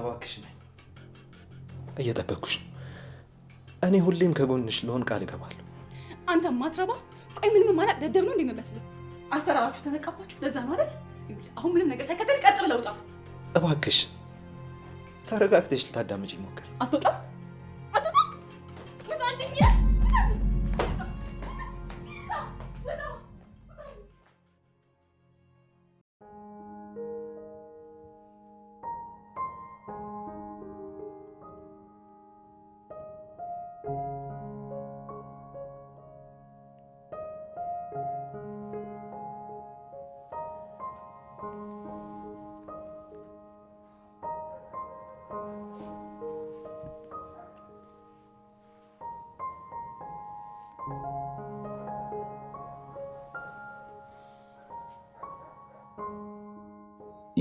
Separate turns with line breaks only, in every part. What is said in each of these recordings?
እባክሽ ነኝ፣ እየጠበቅኩሽ ነው። እኔ ሁሌም ከጎንሽ ልሆን ቃል እገባለሁ።
አንተ ማትረባ ቆይ፣ ምንም ማለት ደደብ ነው እንደሚመስል አሰራራችሁ ተነቃባችሁ፣ ለዛ ነው አይደል? አሁን ምንም ነገር ሳይከተል ቀጥ ብለውጣ። ውጣ።
እባክሽ ተረጋግተሽ ልታዳምጪ ሞክር። አትወጣም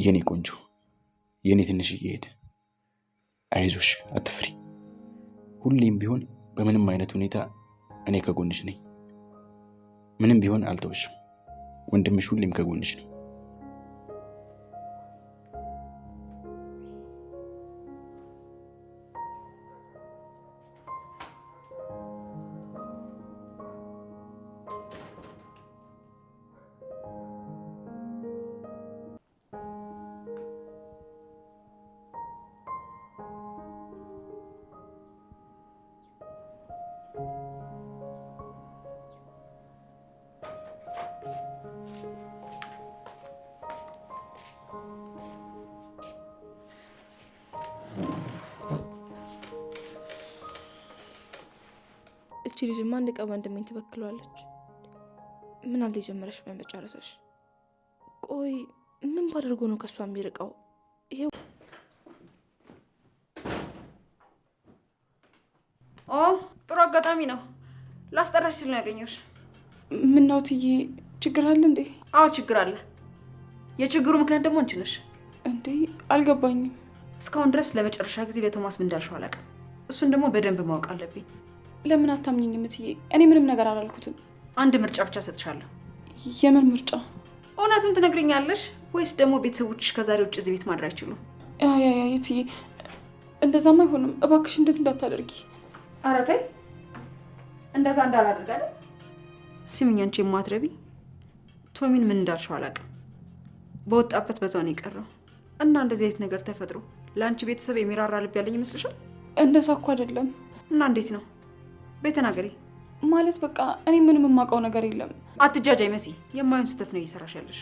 የኔ ቆንጆ፣ የኔ ትንሽ እህት አይዞሽ፣ አትፍሪ። ሁሌም ቢሆን በምንም አይነት ሁኔታ እኔ ከጎንሽ ነኝ። ምንም ቢሆን አልተወሽም። ወንድምሽ ሁሌም ከጎንሽ ነው።
እቺ ልጅማ አንድ ቀን ትበክሏለች ትበክለዋለች። ምናለ የጀመረች ምን በጨረሰች። ቆይ ምን ባደርጎ ነው ከእሷ የሚርቀው? ይሄው
ኦ ጥሩ አጋጣሚ ነው። ላስጠራሽ ስል ነው ያገኘሁሽ።
ምነው ትዬ ችግር አለ እንዴ?
አዎ ችግር አለ። የችግሩ ምክንያት ደግሞ አንቺ ነሽ
እንዴ? አልገባኝም።
እስካሁን ድረስ ለመጨረሻ ጊዜ ለቶማስ ምን እንዳልሽው አላውቅም። እሱን ደግሞ በደንብ ማወቅ አለብኝ።
ለምን አታምኝኝ እምትዬ? እኔ ምንም ነገር አላልኩትም።
አንድ ምርጫ ብቻ ሰጥሻለሁ። የምን ምርጫ? እውነቱን ትነግርኛለሽ ወይስ ደግሞ ቤተሰቦችሽ ከዛሬ ውጭ እዚህ ቤት ማድረግ አይችሉም?
ያያያ እትዬ፣ እንደዛም አይሆንም። እባክሽ እንደዚህ እንዳታደርጊ።
ኧረ ተይ፣ እንደዛ እንዳላደርጋለ። አይደል? ስሚኝ፣ አንቺ የማትረቢ ቶሚን ምን እንዳልሽው አላውቅም። በወጣበት በዛው ነው የቀረው እና እንደዚህ አይነት ነገር ተፈጥሮ ለአንቺ ቤተሰብ የሚራራ ልብ ያለኝ ይመስልሻል?
እንደዛ እኮ አይደለም።
እና እንዴት ነው በተናገሪ
ማለት በቃ እኔ ምንም የማውቀው ነገር የለም።
አትጃጃይ መሲ፣ የማይሆን ስህተት ነው እየሰራሽ ያለሽ።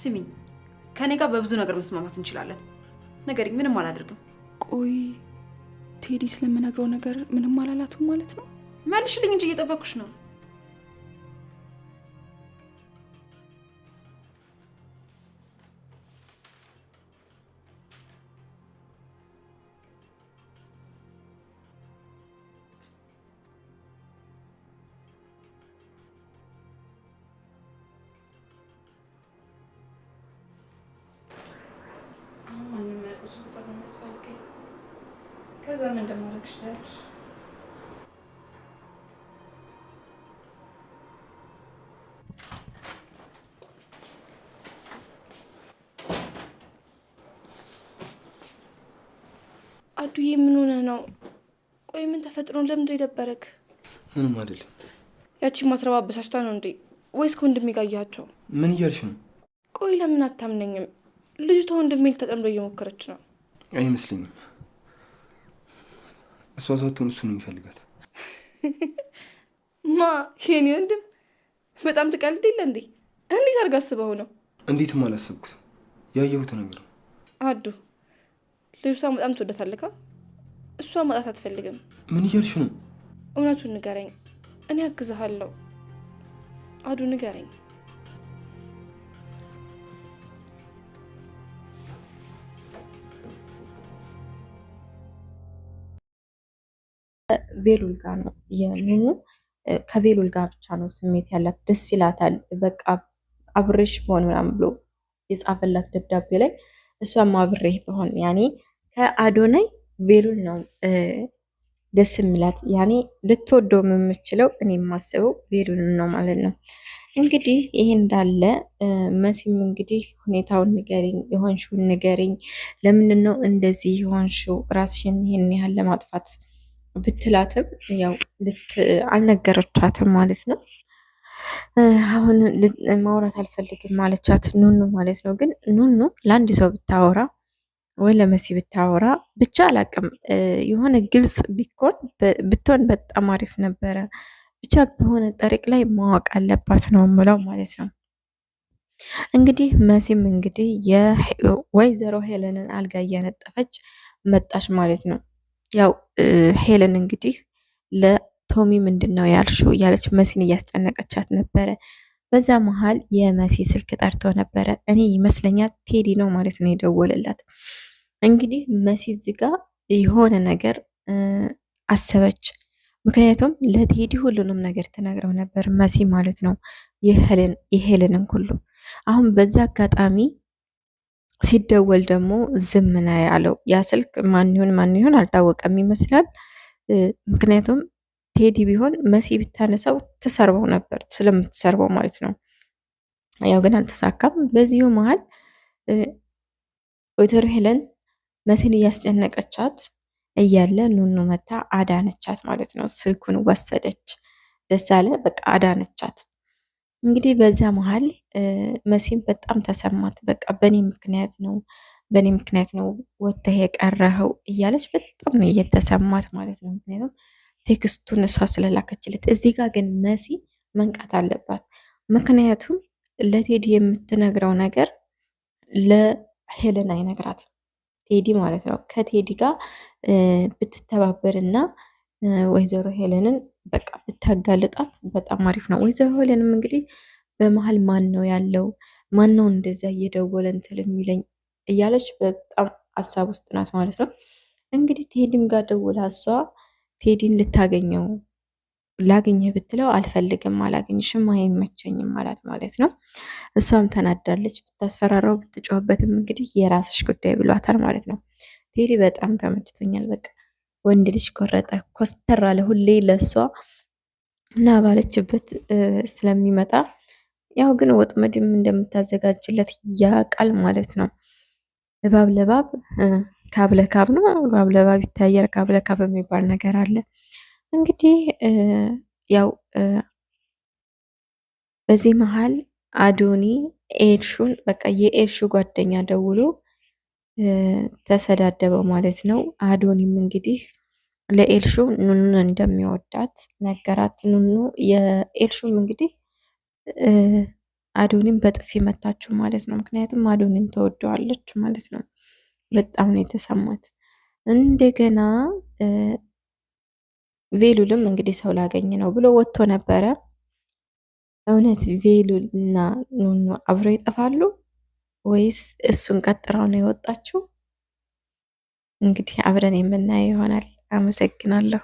ስሚኝ፣ ከኔ ጋር በብዙ ነገር መስማማት እንችላለን። ነገሪ፣ ምንም አላደርግም።
ቆይ ቴዲ ስለምነግረው ነገር ምንም አላላትም ማለት ነው?
መልሽልኝ እንጂ እየጠበኩሽ ነው።
ከዛ ምን እንደማደርግሽ ታያለሽ።
አዱዬ ምን ሆነ ነው? ቆይ ምን ተፈጥሮ ለምንድን የደበረክ? ምንም አይደለም። ያቺ ማትረባ አበሳጭታ ነው እንዴ? ወይስ ከወንድሜ ጋር እያቸው? ምን እያልሽ ነው? ቆይ ለምን አታምነኝም? ልጅቷ ወንድሜ ልታጠምዶ እየሞከረች ነው።
አይመስለኝም እሷ ሳትሆን እሱ ነው የሚፈልጋት።
ማ የኔ ወንድም በጣም ትቀልድ የለ እንዴ? እንዴት አድርጋ አስበው ነው?
እንዴትም አላሰብኩትም፣ ያየሁት ነገር ነው።
አዱ ልጅቷን በጣም ትወዳታለካ። እሷ ማጣት አትፈልግም። ምን እያልሽ ነው? እውነቱን ንገረኝ፣ እኔ አግዝሃለሁ። አዱ ንገረኝ።
ቬሉል ጋር ነው የሚኑ ከቬሉል ጋር ብቻ ነው ስሜት ያላት ደስ ይላታል። በቃ አብሬሽ በሆን ምናምን ብሎ የጻፈላት ደብዳቤ ላይ እሷም አብሬህ በሆን ያኔ ከአዶናይ ቬሉል ነው ደስ የሚላት ያኔ ልትወደው የምችለው እኔ የማስበው ቬሉልን ነው ማለት ነው። እንግዲህ ይህ እንዳለ መሲም እንግዲህ ሁኔታውን ንገሪኝ፣ የሆንሽውን ንገሪኝ፣ ለምንድን ነው እንደዚህ የሆንሽው? ራስሽን ይህን ያህል ለማጥፋት ብትላትም ያው ልት አልነገረቻትም ማለት ነው። አሁን ማውራት አልፈልግም ማለቻት ኑኑ ማለት ነው። ግን ኑኑ ለአንድ ሰው ብታወራ ወይ ለመሲ ብታወራ ብቻ አላቅም የሆነ ግልጽ ቢኮን ብትሆን በጣም አሪፍ ነበረ። ብቻ በሆነ ጠሪቅ ላይ ማወቅ አለባት ነው ምለው ማለት ነው። እንግዲህ መሲም እንግዲህ የወይዘሮ ሄለንን አልጋ እያነጠፈች መጣች ማለት ነው። ያው ሄለን እንግዲህ ለቶሚ ምንድን ነው ያልሹ እያለች መሲን እያስጨነቀቻት ነበረ። በዛ መሀል የመሲ ስልክ ጠርቶ ነበረ። እኔ ይመስለኛል ቴዲ ነው ማለት ነው የደወለላት። እንግዲህ መሲ ዝጋ የሆነ ነገር አሰበች። ምክንያቱም ለቴዲ ሁሉንም ነገር ተናግረው ነበር መሲ ማለት ነው የሄለንን ሁሉ። አሁን በዛ አጋጣሚ ሲደወል ደግሞ ዝም ነው ያለው። ያ ስልክ ማን ይሁን ማን ይሁን አልታወቀም ይመስላል። ምክንያቱም ቴዲ ቢሆን መሲ ብታነሳው ትሰርበው ነበር፣ ስለምትሰርበው ማለት ነው። ያው ግን አልተሳካም። በዚሁ መሀል ወይዘሮ ሄለን መሲን እያስጨነቀቻት እያለ ኑኑ መታ አዳነቻት ማለት ነው። ስልኩን ወሰደች። ደስ አለ። በቃ አዳነቻት። እንግዲህ በዛ መሀል መሲም በጣም ተሰማት። በቃ በእኔ ምክንያት ነው በእኔ ምክንያት ነው ወጥተህ የቀረኸው እያለች በጣም ነው እየተሰማት ማለት ነው። ምክንያቱም ቴክስቱን እሷ ስለላከችለት። እዚህ ጋር ግን መሲ መንቃት አለባት። ምክንያቱም ለቴዲ የምትነግረው ነገር ለሄለን አይነግራትም ቴዲ ማለት ነው። ከቴዲ ጋር ብትተባበርና ወይዘሮ ሄለንን በቃ ብታጋልጣት በጣም አሪፍ ነው። ወይዘሮ ሄለንም እንግዲህ በመሀል ማን ነው ያለው ማን ነው እንደዚያ እየደወለ እንትል የሚለኝ እያለች በጣም ሀሳብ ውስጥ ናት ማለት ነው። እንግዲህ ቴዲም ጋር ደውላ እሷ ቴዲን ልታገኘው ላገኘህ ብትለው አልፈልግም፣ አላገኝሽም፣ አይመቸኝም አላት ማለት ነው። እሷም ተናዳለች። ብታስፈራራው ብትጮህበትም እንግዲህ የራስሽ ጉዳይ ብሏታል ማለት ነው። ቴዲ በጣም ተመችቶኛል በቃ ወንድ ልጅ ቆረጠ ኮስተር አለ ሁሌ ለሷ እና ባለችበት ስለሚመጣ ያው ግን ወጥመድም እንደምታዘጋጅለት ያቃል ማለት ነው። እባብ ለባብ ካብ ለካብ ነው። እባብ ለባብ ይታያል። ካብ ለካብ የሚባል ነገር አለ። እንግዲህ ያው በዚህ መሀል አዶኒ ኤድሹን በቃ የኤድሹ ጓደኛ ደውሎ ተሰዳደበው ማለት ነው። አዶኒም እንግዲህ ለኤልሹ ኑኑን እንደሚወዳት ነገራት። ኑኑ የኤልሹም እንግዲህ አዶኒን በጥፊ መታችው ማለት ነው። ምክንያቱም አዶኒን ተወደዋለች ማለት ነው። በጣም ነው የተሰማት። እንደገና ቬሉልም እንግዲህ ሰው ላገኝ ነው ብሎ ወጥቶ ነበረ። እውነት ቬሉል እና ኑኑ አብረው ይጠፋሉ ወይስ እሱን ቀጥራው ነው የወጣችው? እንግዲህ አብረን የምናየው ይሆናል። አመሰግናለሁ